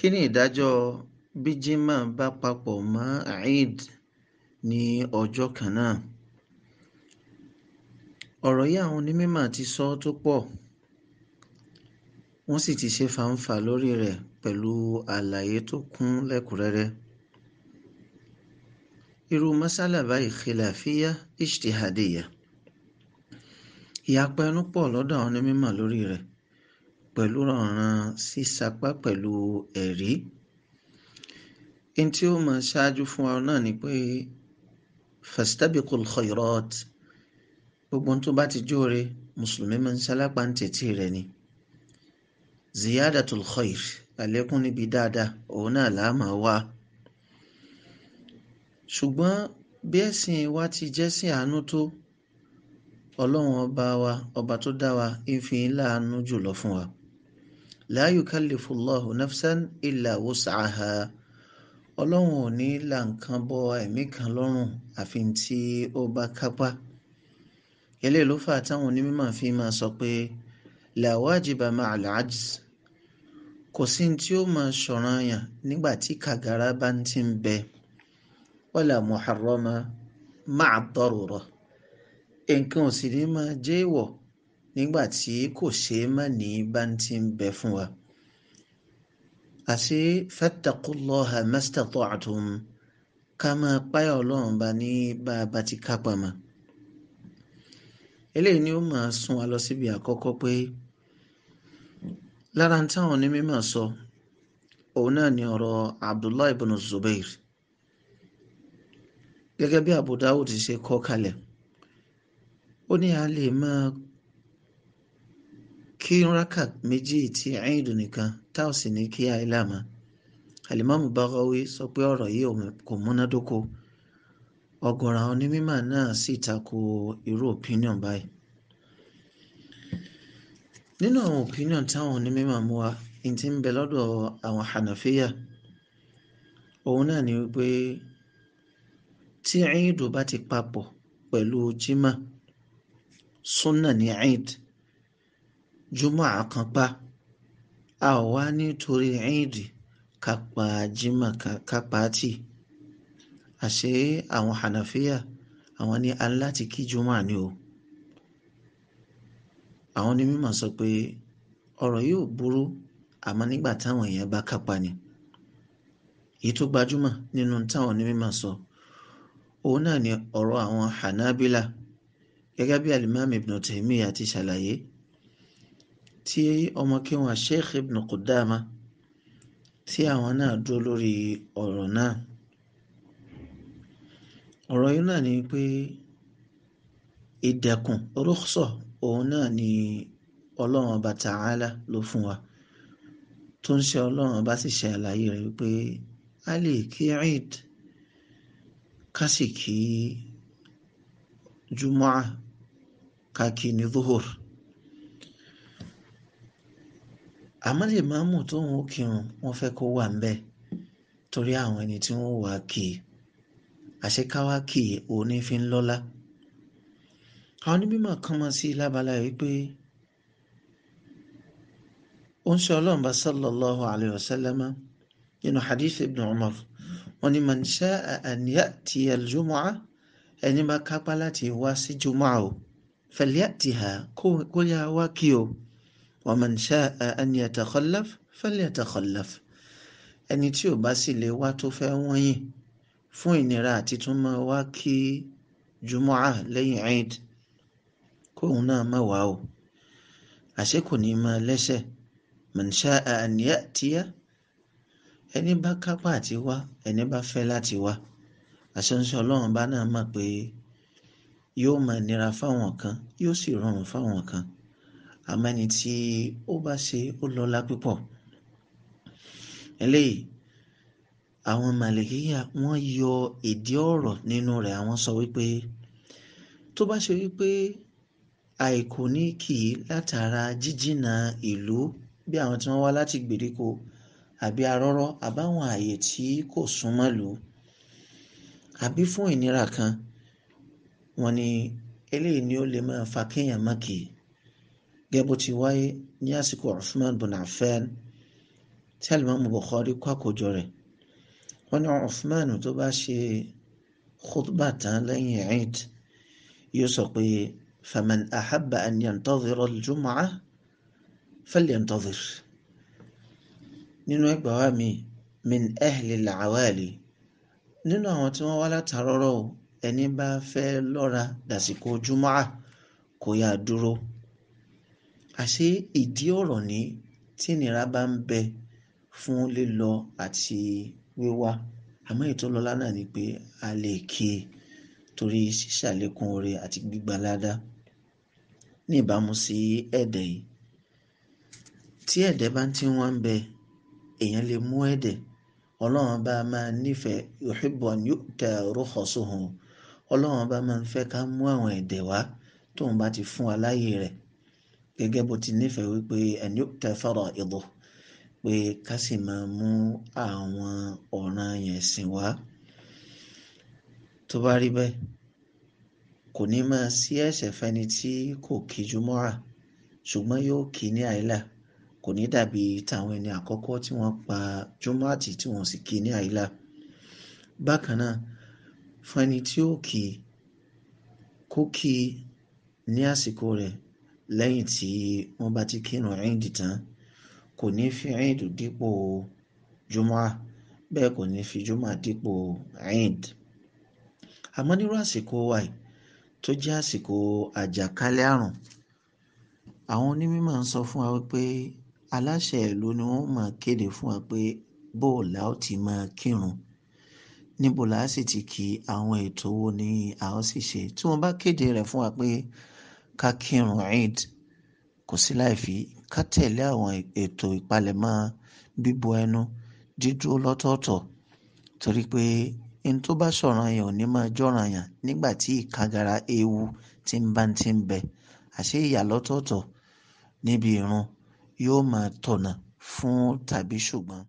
kí ni ìdájọ́ bí jimá bá papọ̀ mọ́ eid ní ọjọ́ kan náà ọ̀rọ̀ yìí àwọn onímọ̀ ti sọ tó pọ̀ wọ́n sì ti ṣe fàǹfà lórí rẹ̀ pẹ̀lú àlàyé tó kún lẹ́kùnrẹ́rẹ́ irú masala báyìí khilafiyya ijtihadiyya ìyapa ẹnu pọ̀ lọ́dọ̀ àwọn onímọ̀ lórí rẹ̀ pẹ̀lú ọ̀ràn sísapá pẹ̀lú ẹ̀rí n tí ó máa ṣáájú fún wa náà ni pé fastabiqul khairat gbogbo tó bá ti jóore mùsùlùmí máa ń ṣalápá ń tètè rẹ̀ ni ziyadatul khair àlékún níbi dáadáa òun náà là máa wá ṣùgbọ́n bí ẹ̀sìn wa ti jẹ́ sí àánú tó ọlọ́run ọba wa ọba tó dá wa ń láàánú jùlọ fún wa la yukallifullahu nafsan illa wus'aha ọlọ́run ò ní là nǹkan bọ ẹ̀mí kan lọ́rùn àfi tí ó bá kápá eléyìí ló fà táwọn onímọ̀ fi máa sọ pé la wajiba ma'al ajz kò sí ní tí ó máa ṣọ̀ràn yàn nígbà tí kàgàrà bá ń ti ń bẹ wala muharrama ma'a darura nǹkan ò sì ní máa jẹ́ ìwọ̀ nígbà tí kò ṣeé má ní bá ń ti ń bẹ fún wa. àti fattaqullaha mastata'tum ká máa páyà ọlọ́run bá ní bá a bá ti kápá ma. eléyìí ni ó máa sún wa lọ síbi àkọ́kọ́ pé lára táwọn onímọ̀ sọ òun náà ni ọ̀rọ̀ Abdullahi ibn Zubair gẹ́gẹ́ bí Abu ti ṣe kọ kalẹ̀ ó ní a lè máa kírun rákà méjì ti ẹ̀yìndùn nìkan tá ò sì ní kí àìlà mọ́ alimami Baghawi sọ pé ọ̀rọ̀ yìí kò múnádóko ọ̀gọ̀rọ̀ àwọn onímọ̀ náà sì tako irú opinion báyìí nínú àwọn opinion táwọn onímọ̀ mú wa n ti ń bẹ lọ́dọ̀ àwọn Hanafiya òun náà ni wípé tí bá ti sunna ní júmọ̀ àkànpá a ò wá nítorí ẹ̀ẹ́dì kápá jimá kápá tì àṣé àwọn hànàfíà àwọn ní aláti kí júmọ̀ ni o àwọn ní mímọ̀ sọ pé ọ̀rọ̀ yóò burú àmọ́ nígbà táwọn èèyàn bá kápá ni èyí tó gbajúmọ̀ nínú táwọn onímọ̀ sọ òun náà ni ọ̀rọ̀ àwọn hanabila gẹ́gẹ́ bí alimami ibn Taymiyyah ti ṣàlàyé tí ọmọ kí wọn Sheikh Ibn Qudama tí àwọn náà dúró lórí ọ̀rọ̀ náà ọ̀rọ̀ yìí náà ni pé ìdẹ̀kùn rúkṣọ òun náà ni ọlọ́run ọba Ta'ala ló fún wa tó ń ṣe ọlọ́run ọba sì ṣe àlàyé rẹ̀ wípé a lè kí eid ká sì kí jumu'a ká kí ní zuhur. àmọ́ lè máa mú tóun ó kírun wọ́n fẹ́ kó wà ńbẹ̀ torí àwọn ẹni tí wọ́n wà kì í àṣekáwá kì í òní fi ń lọ́lá àwọn onímọ̀ kan mọ̀ sí lábala wípé ó ń ṣe ọlọ́run bá sallallahu alayhi wa sallam nínú hadith ibn umar wọn ni man sha'a an ya'tiya al-jumu'ah ẹni bá kápá láti wá sí jumu'ah o falyatiha kó yá wá kí o. ومن شاء أن يتخلف فليتخلف ẹni tí ò bá sì lè wá tó fẹ́ wọ́nyìn fún ìnira àti tún máa wá kí jumu'a lẹ́yìn eid kóun náà má wá o àṣé kò ní máa lẹ́sẹ̀ man sha'a an ya'tiya ẹni bá kápá àti wá ẹni bá fẹ́ láti wá àṣẹǹṣẹ ọlọ́run bá náà mọ̀ pé yóò máa nira fáwọn kan yóò sì rọrùn fáwọn kan àmọ́ ẹni tí ó bá ṣe ó lọ́lá púpọ̀ eléyìí àwọn màlìkíyà wọ́n yọ ìdí ọ̀rọ̀ nínú rẹ̀ àwọn sọ wípé tó bá ṣe wípé àìkò ní kì í látara jíjìnà ìlú bí àwọn tí wọ́n wá láti gbèríko àbí arọ́rọ́ àbáwọn àyè tí kò súnmọ́ lù àbí fún ìnira kan wọ́n ní eléyìí ni ó lè máa fa kéèyàn má kì gẹ́gẹ́ bó ti wáyé ní àsìkò Uthman bin Affan tí alimami Bukhari kó àkójọ rẹ̀ wọ́n ní Uthman tó bá ṣe khutba tán lẹ́yìn eid yóò sọ pé faman ahabba an yantadhira al-jum'a falyantadhir nínú ẹgbàá mi min ahli al nínú àwọn tí wọ́n wá látàrọ́rọ́ ẹni bá fẹ́ lọ́ra dàsìkò jùmọ́à kó yá dúró àṣé ìdí ọ̀rọ̀ ní tí ìnira bá ń bẹ fún lílọ àti wíwá àmọ́ èyí tó lọ́lá náà ni pé a lè kí i torí ṣíṣàlékún oore àti gbígba ládá ní ìbámu sí ẹ̀dẹ̀ yìí tí ẹ̀dẹ̀ bá ti wọ́n ń bẹ èèyàn lè mú ẹ̀dẹ̀ ọlọ́run bá máa nífẹ̀ẹ́ yuhibbu an yu'ta rukhasuhum ọlọ́run bá máa ń fẹ́ ká mú àwọn ẹ̀dẹ̀ wá tóun bá ti fún wa rẹ̀ gẹ́gẹ́ bó ti nífẹ̀ẹ́ wípé ẹni tẹ fọ́rọ̀ ìbò pé ká sì máa mú àwọn ọ̀ràn yẹn sìn wá. tó bá rí bẹ́ẹ̀ kò ní máa sí ẹ̀ṣẹ̀ fẹ́ni tí kò kí jumọ́ra ṣùgbọ́n yóò kí ní àìlà kò ní dàbí tàwọn ẹni àkọ́kọ́ tí wọ́n pa jumọ́ tí wọ́n sì kí ní àìlà. bákan náà fún tí ó kí kó kí ní àsìkò rẹ̀ lẹ́yìn tí wọ́n bá ti kírun ẹ̀ẹ́dì tán kò ní fi ẹ̀ẹ́dì dípò jùmọ̀ bẹ́ẹ̀ kò ní fi jùmọ̀ dípò ẹ̀ẹ́dì àmọ́ nírú àsìkò wa yìí tó jẹ́ àsìkò àjàkálẹ̀ àrùn àwọn onímọ̀ ń sọ fún wa pé aláṣẹ ìlú ni wọ́n máa kéde fún wa pé bóòlà ó ti máa kírun níbo la sì ti kí àwọn ètò wo ni a sì ṣe tí wọ́n bá kéde rẹ̀ fún wa pé ká kírun eid kò sí láì fi ká tẹ̀lé àwọn ètò ìpalẹ̀mọ́ bíbo ẹnu dídúró lọ́tọ̀ọ̀tọ̀ torí pé n tó bá sọ̀ràn yẹn ò ní máa jọ̀ràn yẹn nígbà tí ìkagara ewu ti ń bá ti ń bẹ àṣé ìyà lọ́tọ̀ọ̀tọ̀ níbi ìrun yóò máa tọ̀nà fún tàbí ṣùgbọ́n.